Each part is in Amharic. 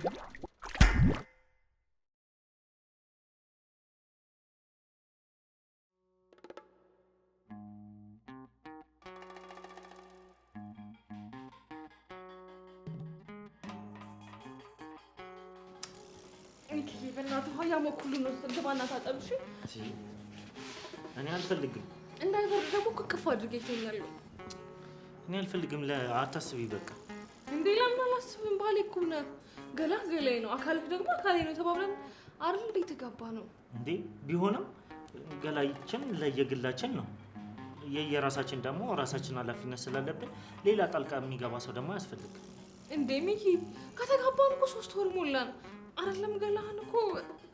በእናትህ ያሞኩልን ውስጥ ግባና ታጠብሽ። እኔ አልፈልግም። እንዳይበር ደግሞ ክክፍ አድርጌ ይተኛለሁ። እኔ አልፈልግም። አታስቢ በቃ። እንዴ ለምን አላስብም? ባሌ እኮ ነው ገላ ገላይ ነው፣ አካልህ ደግሞ አካሌ ነው ተባብለን አይደል እንዴ የተጋባ ነው እንዴ? ቢሆንም ገላችን ለየግላችን ነው፣ የየራሳችን ደግሞ ራሳችን ኃላፊነት ስላለብን ሌላ ጣልቃ የሚገባ ሰው ደግሞ አያስፈልግም። እንዴ ሚኪ ከተጋባን እኮ ሶስት ወር ሞላን አይደለም? ገላህን እኮ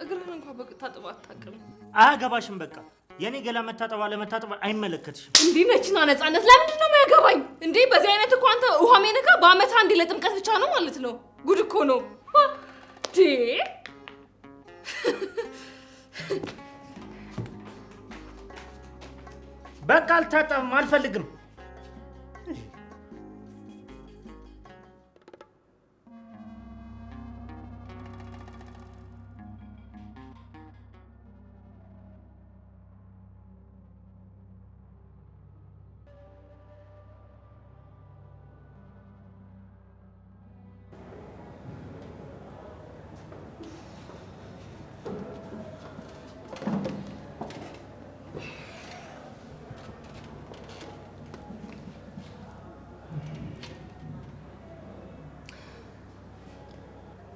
እግርህን እንኳን እንኳ ታጥባ አታውቅም። አያገባሽም በቃ የኔ ገላ መታጠብ አለመታጠብ አይመለከትሽም። እንዴ ነችና ነፃነት ለምንድን ነው የማያገባኝ እንዴ? በዚህ አይነት እኮ አንተ ውሃ ሜነካ በአመት አንዴ ለጥምቀት ብቻ ነው ማለት ነው ጉድ እኮ ነው። በቃ አልታጣም፣ አልፈልግም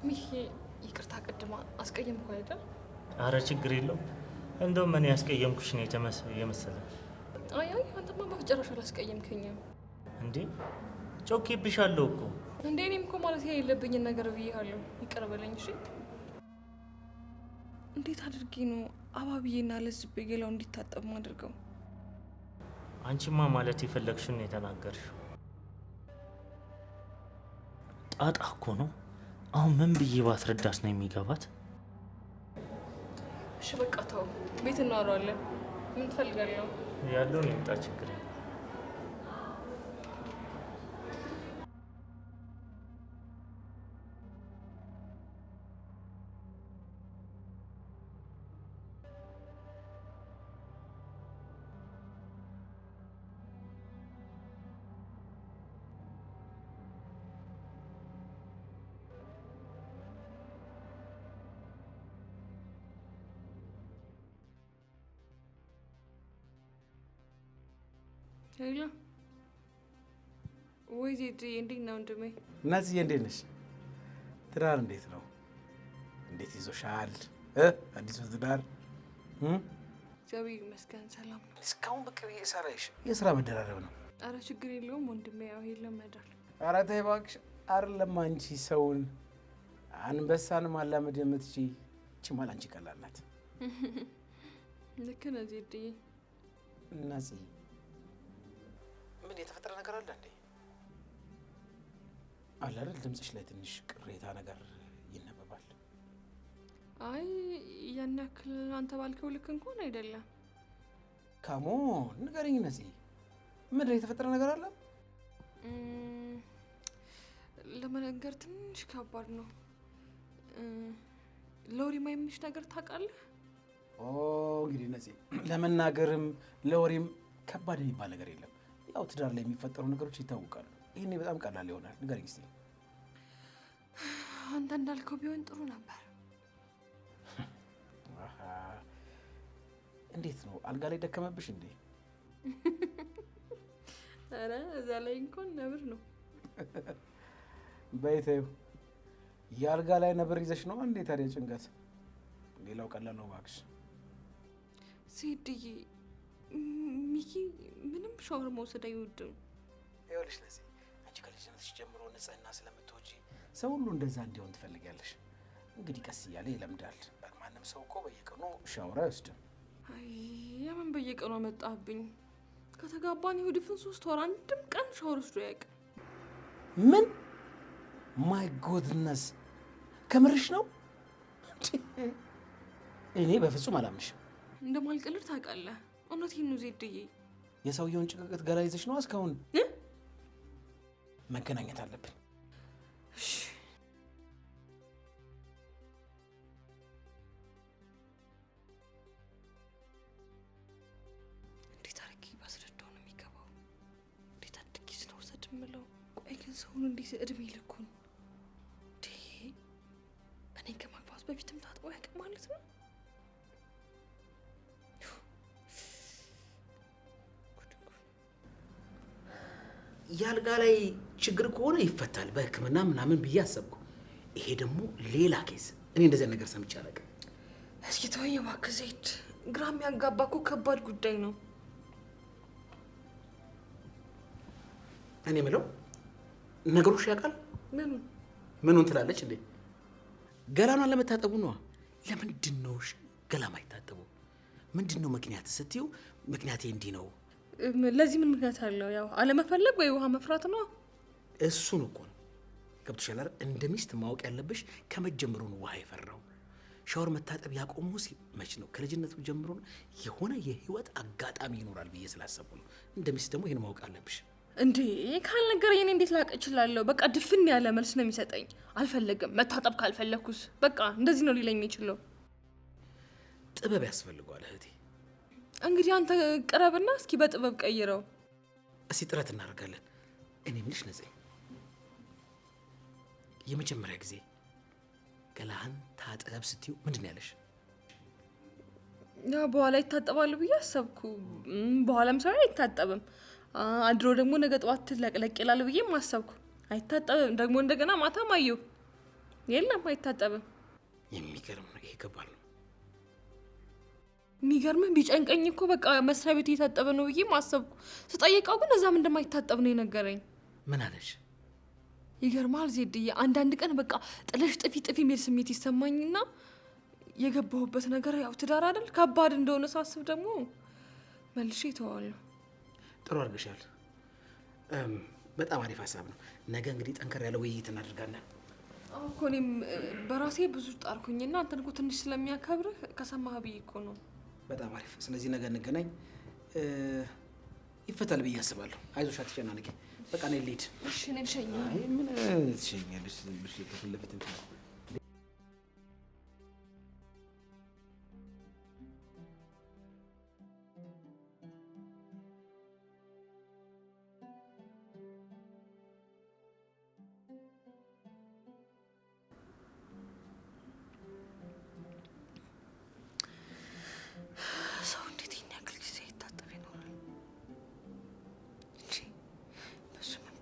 ሚኪ ይቅርታ ቅድማ አስቀየምኩ አይደል? አረ ችግር የለውም። እንደውም እኔ ያስቀየምኩሽ ነው የመሰለኝ። አይ አይ አንተማ በመጨረሻ አላስቀየምከኝም። እንዴ ጮኬብሻለሁ እኮ እንዴ። እኔም እኮ ማለት የሌለብኝን ነገር ብዬሃለሁ። ይቅር በለኝ እሺ። እንዴት አድርጌ ነው አባብዬና ለዝቤ ገላው እንዲታጠብ አድርገው? አንቺማ ማለት የፈለግሽን ነው የተናገርሽው። ጣጣ እኮ ነው አሁን ምን ብዬ ባስረዳስ ነው የሚገባት? እሺ በቃ ተው፣ ቤት እናወራዋለን። ምን ትፈልጋለህ? ያለውን የምጣ ችግር ሄሎ፣ ወይ ዜድዬ፣ እንዴት ነው ወንድሜ? እናትዬ፣ እንዴት ነሽ? ትዳር እንዴት ነው? እንዴት ይዞሻል? አዲሱ ትዳር እግዚአብሔር ይመስገን ሰላም ነው። እስካሁን ብቅ ብዬ የስራ መደራረብ ነው። አረ ችግር የለውም ወንድሜ፣ ያው ይለመዳል። አረ ተይ እባክሽ፣ አይደለም አንቺ ሰውን አንበሳን ማላመድ የምትች ችማል አንቺ ቀላል ናት። ልክ ነህ ዜድዬ። እናጽዬ ምን የተፈጠረ ነገር አለ እንዴ? አለ አይደል? ድምፅሽ ላይ ትንሽ ቅሬታ ነገር ይነበባል። አይ ያን ያክል አንተ ባልከው ልክ እንኳን አይደለም። ከሞን ንገረኝ፣ ነፂ፣ ምንድን የተፈጠረ ነገር አለ? ለመነገር ትንሽ ከባድ ነው። ለወሬ የማይመች ነገር ታውቃለህ? ኦ እንግዲህ ነፂ፣ ለመናገርም ለወሬም ከባድ የሚባል ነገር የለም ያው ትዳር ላይ የሚፈጠሩ ነገሮች ይታወቃሉ። ይህኔ በጣም ቀላል ይሆናል። ንገሪኝ እስኪ። አንተ እንዳልከው ቢሆን ጥሩ ነበር። እንዴት ነው? አልጋ ላይ ደከመብሽ እንዴ? ኧረ እዛ ላይ እንኳን ነብር ነው። በይተዩ የአልጋ ላይ ነብር ይዘሽ ነው እንዴ ታዲያ? ጭንቀት ሌላው ቀላል ነው እባክሽ ሲድዬ ሻወር መውሰድ አይወድም። ይኸውልሽ ነፂ፣ አንቺ ከልጅነትሽ ጀምሮ ንጽህና ስለምትወጂ ሰው ሁሉ እንደዛ እንዲሆን ትፈልጊያለሽ። እንግዲህ ቀስ እያለ ይለምዳል። ማንም ሰው እኮ በየቀኑ ሻወር አይወስድም። የምን በየቀኑ መጣብኝ። ከተጋባን ይሁ ድፍን ሶስት ወር አንድም ቀን ሻወር ወስዶ ያውቅ። ምን ማይ ጎድነስ! ከምርሽ ነው? እኔ በፍጹም አላምንሽም። እንደማልቀልድ ታውቃለህ። እውነቴን ነው ዜድዬ የሰውየውን ጭቅቅት ገላ ይዘሽ ነው እስካሁን። መገናኘት አለብን። እንዴት አድርጌ ባስረዳው ነው የሚገባው? እንዴት አድርጌ ስለውሰድ ምለው? ቆይ ግን ሰውን እንዲህ እድሜ ልኩን እኔ ከማግባት በፊትም ታጥቦ ያውቅ ማለት ነው የአልጋ ላይ ችግር ከሆነ ይፈታል በህክምና ምናምን ብዬ አሰብኩ። ይሄ ደግሞ ሌላ ኬዝ። እኔ እንደዚያ ነገር ሰምቼ አላውቅም። እስኪ ተወኝ እባክህ ዘይድ፣ ግራ የሚያጋባ እኮ ከባድ ጉዳይ ነው። እኔ ምለው ነገሮች ያውቃል። ምኑ ምኑን ትላለች እንዴ? ገላኗን ለመታጠቡ ነዋ። ለምንድን ነው ገላ ማይታጠቡ? ምንድን ነው ምክንያት ስትዪው፣ ምክንያቴ እንዲህ ነው ለዚህ ምን ምክንያት አለው? ያው አለመፈለግ ወይ ውሃ መፍራት ነው። እሱን እኮ ነው ገብቶሻል አይደል? እንደ ሚስት ማወቅ ያለብሽ ከመጀመሩ ነው። ውሃ የፈራው ሻወር መታጠብ ያቆመው መች ነው? ከልጅነቱ ጀምሮ የሆነ የህይወት አጋጣሚ ይኖራል ብዬ ስላሰቡ ነው። እንደ ሚስት ደግሞ ይህን ማወቅ አለብሽ። እንዴ ካልነገረኝ እኔ እንዴት ላቅ እችላለሁ? በቃ ድፍን ያለ መልስ ነው የሚሰጠኝ። አልፈለግም መታጠብ ካልፈለግኩስ በቃ እንደዚህ ነው ሊለኝ የሚችለው። ጥበብ ያስፈልገዋል እህቴ እንግዲህ አንተ ቅረብና እስኪ በጥበብ ቀይረው። እስኪ ጥረት እናደርጋለን። እኔ ምንሽ ነጽ የመጀመሪያ ጊዜ ገላህን ታጠብ ስትዩ ምንድን ያለሽ? ያ በኋላ ይታጠባሉ ብዬ አሰብኩ። በኋላም ሰው አይታጠብም። አድሮ ደግሞ ነገ ጠዋት ለቅለቅ ይላል ብዬ አሰብኩ። አይታጠብም ደግሞ እንደገና ማታም አየሁ የለም አይታጠብም። የሚገርም ነው ይሄ። ይገባል ነው የሚገርምህ ቢጨንቀኝ እኮ በቃ መስሪያ ቤት እየታጠበ ነው ብዬ ማሰብኩ ስጠይቀው ግን እዛም እንደማይታጠብ ነው የነገረኝ። ምን አለሽ? ይገርማል ዜድዬ፣ አንዳንድ ቀን በቃ ጥለሽ ጥፊ ጥፊ የሚል ስሜት ይሰማኝና የገባሁበት ነገር ያው ትዳር አይደል ከባድ እንደሆነ ሳስብ ደግሞ መልሼ ይተዋለሁ። ጥሩ አድርገሻል። በጣም አሪፍ ሀሳብ ነው። ነገ እንግዲህ ጠንከር ያለ ውይይት እናደርጋለን። እኮ እኔም በራሴ ብዙ ጣርኩኝና አንተን እኮ ትንሽ ስለሚያከብርህ ከሰማህ ብዬ እኮ ነው በጣም አሪፍ። ስለዚህ ነገ እንገናኝ። ይፈታል ብዬ አስባለሁ። አይዞሽ፣ አትጨናነቂ። በቃ እኔ ልሂድ። እሺ፣ እኔ ልሸኝ። ምን ትሸኛለሽ? ዝም ብለሽ ከፍለፊት እንትን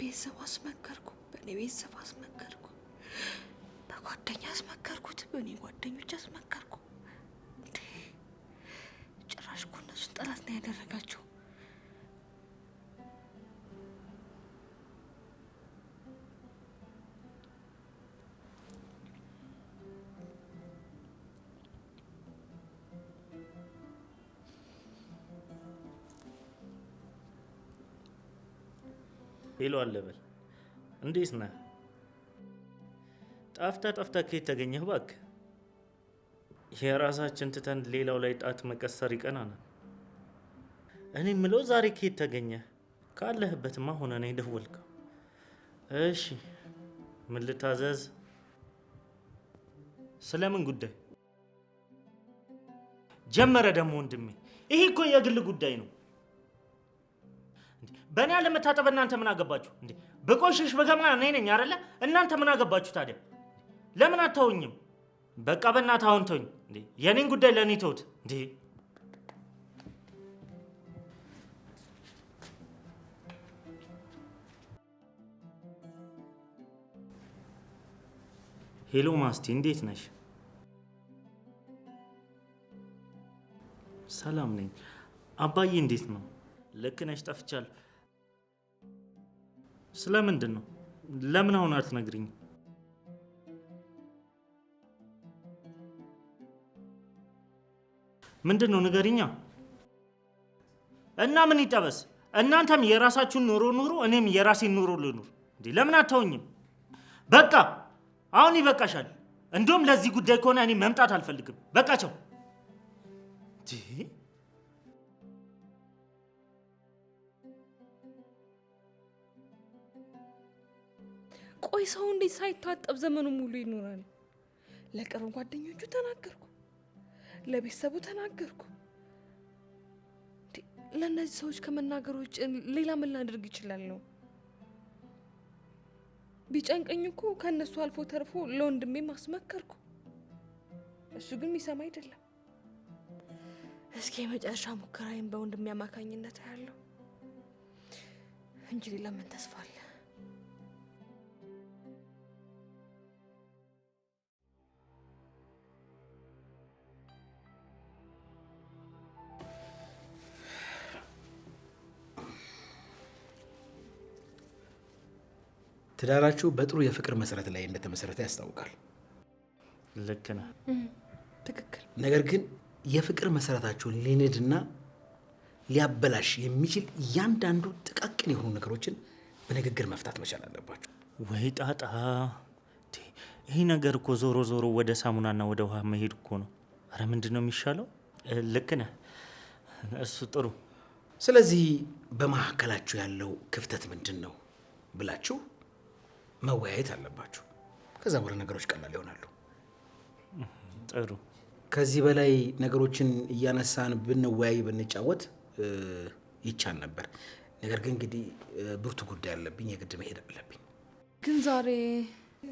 ቤተሰብ አስመከርኩ፣ በእኔ ቤተሰብ አስመከርኩ፣ በጓደኛ አስመከርኩት፣ በእኔ ጓደኞች አስመከርኩ። ጭራሽ እኮ እነሱን ጠላት ነው ያደረጋቸው። ይለዋል አለበል፣ እንዴት ነህ? ጣፍታ ጣፍታ ከየት ተገኘህ? እባክህ የራሳችን ትተን ሌላው ላይ ጣት መቀሰር ይቀናናል። እኔ የምለው ዛሬ ከየት ተገኘህ? ካለህበትማ ሆነ ነው የደወልከው። እሺ ምን ልታዘዝ? ስለምን ጉዳይ ጀመረ ደግሞ? ወንድሜ ይሄ እኮ የግል ጉዳይ ነው። በእኔ ያለ መታጠብ እናንተ ምን አገባችሁ እንዴ? በቆሽሽ በገማ እኔ ነኝ አይደለ? እናንተ ምን አገባችሁ ታዲያ? ለምን አታውኝም? በቃ በእናት አሁን ተውኝ እንዴ! የኔን ጉዳይ ለእኔ ተውት እንዴ! ሄሎ ማስቲ፣ እንዴት ነሽ? ሰላም ነኝ። አባዬ እንዴት ነው? ልክ ነሽ፣ ጠፍቻለሁ። ስለምንድን ነው? ለምን አሁን አትነግሪኝ? ምንድን ነው ንገሪኛ። እና ምን ይጠበስ? እናንተም የራሳችሁን ኑሮ ኑሩ፣ እኔም የራሴን ኑሮ ልኑር። እንዲህ ለምን አታውኝም? በቃ አሁን ይበቃሻል። እንዲሁም ለዚህ ጉዳይ ከሆነ እኔ መምጣት አልፈልግም። በቃቸው። ቆይ ሰው እንዴት ሳይታጠብ ዘመኑ ሙሉ ይኖራል? ለቅርብ ጓደኞቹ ተናገርኩ፣ ለቤተሰቡ ተናገርኩ። ለእነዚህ ሰዎች ውጭ ሌላ ምን ላደርግ ይችላለሁ? ቢጨንቀኝ እኮ ከእነሱ አልፎ ተርፎ ለወንድሜ ማስመከርኩ። እሱ ግን የሚሰማ አይደለም። እስኪ የመጨረሻ ሙከራዬን በወንድሜ አማካኝነት ያለው እንጂ ሌላ ምን ተስፋ አለ? ትዳራችሁ በጥሩ የፍቅር መሰረት ላይ እንደተመሰረተ ያስታውቃል። ልክ ነህ፣ ትክክል። ነገር ግን የፍቅር መሰረታችሁን ሊንድና ሊያበላሽ የሚችል እያንዳንዱ ጥቃቅን የሆኑ ነገሮችን በንግግር መፍታት መቻል አለባችሁ። ወይ ጣጣ! ይህ ነገር እኮ ዞሮ ዞሮ ወደ ሳሙናና ወደ ውሃ መሄድ እኮ ነው። አረ ምንድን ነው የሚሻለው? ልክ ነህ፣ እሱ ጥሩ። ስለዚህ በመካከላችሁ ያለው ክፍተት ምንድን ነው ብላችሁ መወያየት አለባችሁ። ከዛ በኋላ ነገሮች ቀላል ይሆናሉ። ጥሩ። ከዚህ በላይ ነገሮችን እያነሳን ብንወያይ ብንጫወት ይቻል ነበር። ነገር ግን እንግዲህ ብርቱ ጉዳይ አለብኝ፣ የግድ መሄድ አለብኝ። ግን ዛሬ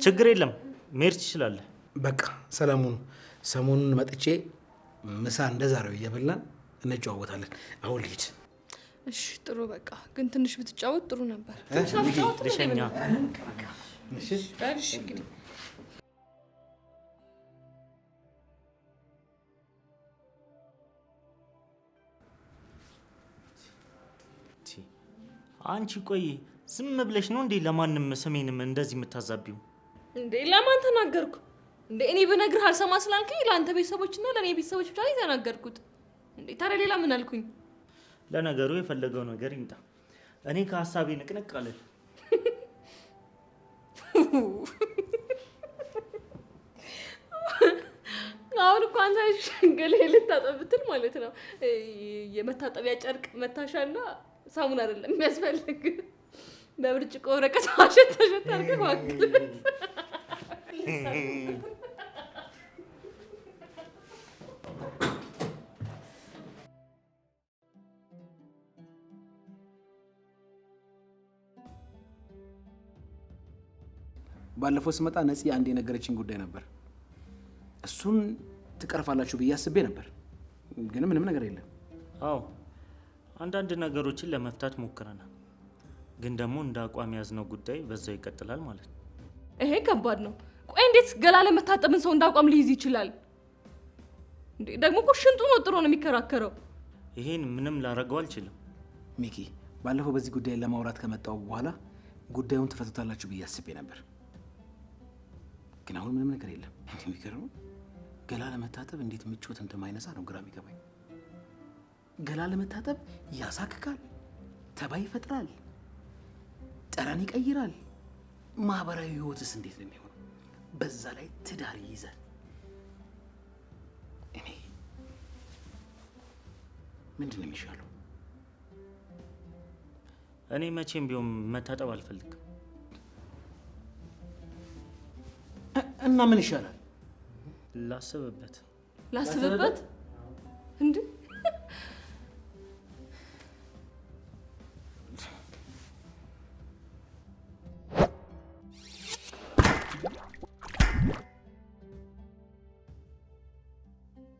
ችግር የለም መሄድ ትችላለህ። በቃ ሰላሙን ሰሞኑን መጥቼ ምሳ እንደ እየበላን እንጨዋወታለን። አሁን ልሂድ። እሺ ጥሩ በቃ ግን ትንሽ ብትጫወት ጥሩ ነበር። አንቺ ቆይ ዝም ብለሽ ነው እንዴ ለማንም ስሜንም እንደዚህ የምታዛቢው? እንዴ ለማን ተናገርኩ እንዴ? እኔ ብነግርህ አልሰማ ስላልከኝ ለአንተ ቤተሰቦችና ለእኔ ቤተሰቦች ብቻ ተናገርኩት። እንዴ ታዲያ ሌላ ምን አልኩኝ? ለነገሩ የፈለገው ነገር ይምጣ። እኔ ከሀሳቤ ንቅንቅ አለል። አሁን እኮ አንተ ገላዬን ልታጠብ ብትል ማለት ነው የመታጠቢያ ጨርቅ መታሻና ሳሙን አይደለም የሚያስፈልግ፣ በብርጭቆ ወረቀት ማሸት ተሸት አድርገህ ባለፈው ስመጣ ነፂ አንድ የነገረችኝ ጉዳይ ነበር። እሱን ትቀርፋላችሁ ብዬ አስቤ ነበር፣ ግን ምንም ነገር የለም። አዎ አንዳንድ ነገሮችን ለመፍታት ሞክረናል፣ ግን ደግሞ እንደ አቋም ነው ጉዳይ በዛው ይቀጥላል ማለት ነው። ይሄ ከባድ ነው። ቆይ እንዴት ገላ ለመታጠብን ሰው እንደ አቋም ሊይዝ ይችላል? ደግሞ እኮ ሽንጡን ወጥሮ ነው የሚከራከረው። ይሄን ምንም ላረገው አልችልም። ሚኪ፣ ባለፈው በዚህ ጉዳይ ለማውራት ከመጣው በኋላ ጉዳዩን ትፈቱታላችሁ ብዬ አስቤ ነበር ግን አሁን ምንም ነገር የለም። የሚገርመው ገላ ለመታጠብ እንዴት ምቾት እንደማይነሳ ነው ግራ የሚገባኝ። ገላ ለመታጠብ ያሳክካል፣ ተባይ ይፈጥራል፣ ጠረን ይቀይራል። ማህበራዊ ህይወትስ እንዴት ነው የሚሆነው? በዛ ላይ ትዳር ይይዛል። እኔ ምንድን ነው የሚሻለው? እኔ መቼም ቢሆን መታጠብ አልፈልግም። እና ምን ይሻላል? ላስብበት ላስብበት እንዴ